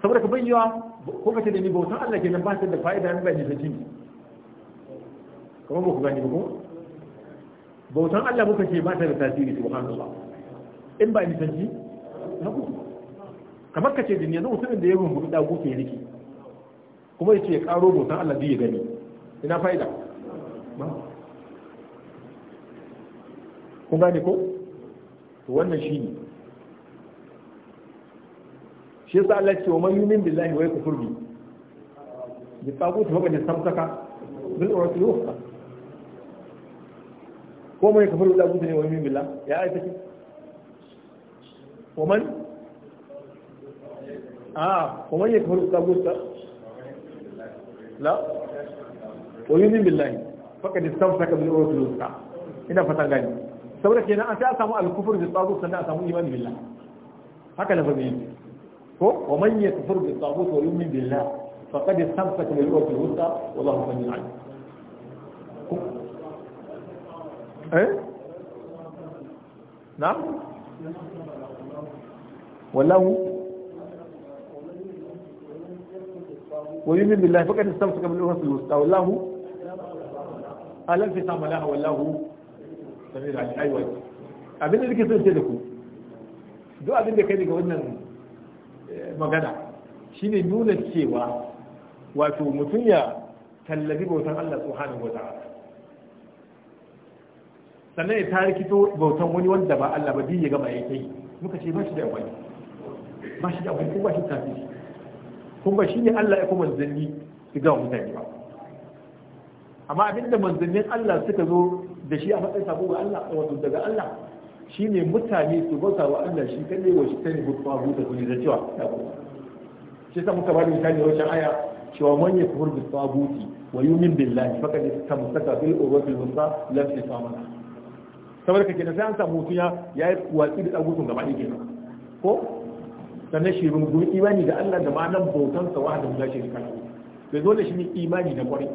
saboda ka bayyana ko ka da ni bautan Allah kenan ba ta da fa'ida nan ba ne ta jini kuma ba ku gani ba ko bautan Allah muka ce ba ta da tasiri ba in ba ni tanji na ku kamar ka ce din yanzu mutumin da ya rumbu da ku ke riki kuma ce ya karo bautan Allah zai gani ina fa'ida ba kun gane ko wannan shi ne shi yasa Allah ce wa man yumin billahi wa yakfur bi ya tsago ta haka ne samsaka bil urati ko mai kafar da abu ne wani mila ya aikata ومن آه ومن يكفر الطاغوت لا ويؤمن بالله فقد استمسك بالعروة الوثقى ina fatan gani saboda kenan an sai a samu alkufur da tsago sannan a samu imani billah haka na fahimci ko wa man yakfur bi tsago wa yu'min billah faqad istamsaka bil urfi wusta wallahu samiyun alim eh na wallahu ويؤمن بالله فقد استمسك بالعروة الوثقى والله ألم في لها والله سمير علي أيوة abin da nake son da ku duk abin da kai daga wannan eh, magana shine nuna cewa wato mutum ya tallabi bautan Allah subhanahu wa ta'ala sannan ya tarikito bautan wani wanda ba Allah ba din ya gama ya kai muka ce ba shi da amfani ba shi da amfani kuma ba shi tafi kuma ba shi ne Allah ya kuma zanni su ga mutane ba amma abinda manzannin Allah suka zo da shi a matsayin sabo ga Allah wato daga Allah shine mutane su bauta wa Allah shi kalle wa shi tani gutsuwa buta kuni da cewa shi sa muka bada misali wancan aya cewa man yakfur bi tabuti wa yu'min billahi faqad istamsaka bil urwatil wuthqa la fi samana saboda kake sai an samu mutum ya yi watsi da tsagutun gaba ɗaya kenan ko sannan shi rungun imani da Allah da ma'anar bautan sa wahada guda shi kan to dole shi ne imani da kwarai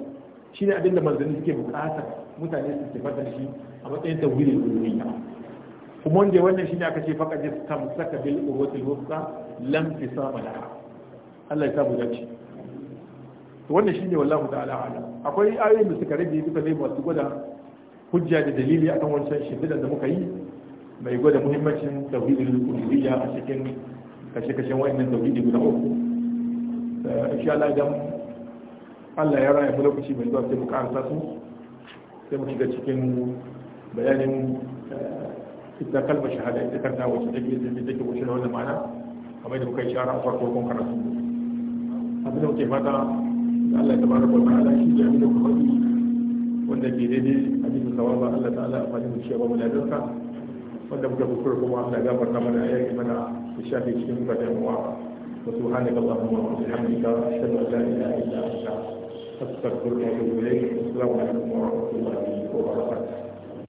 shi ne abin da manzanni suke bukata mutane su ke fatar shi a matsayin tawhidin rububiyya kuma wanda wannan shi ne aka ce faqad istamsaka bil urwatil wusta lam tisama laha Allah ya samu dace to wannan shine wallahu ta'ala akwai ayoyin da suka rage duka ne masu gwada hujja da dalili kan wancan shimfiɗar da muka yi mai gwada muhimmancin tauhidin uluhiyya a cikin kashe-kashen wa'annan tauhidi guda uku eh, insha Allah idan Allah ya raya lokaci mai zuwa sai mu karanta su sai mu shiga cikin bayanin eh, ita kalmar shahada ita kanta wacce take da take wacce da wannan ma'ana kamar da muka yi shara a farko kun karatu abin da muke fata Allah ya tabaraka wa ta'ala shi ne abin da kuma faɗi wanda ke daidai a cikin ba Allah ta'ala a fadin shi ba mu ladarka wanda muka kuskura kuma Allah gafarta mana ya yi mana ya shafe cikin fadin wa wa subhanaka allahumma wa bihamdika ashhadu an la ilaha illa anta astaghfiruka wa atubu ilayk assalamu alaikum wa rahmatullahi wa barakatuh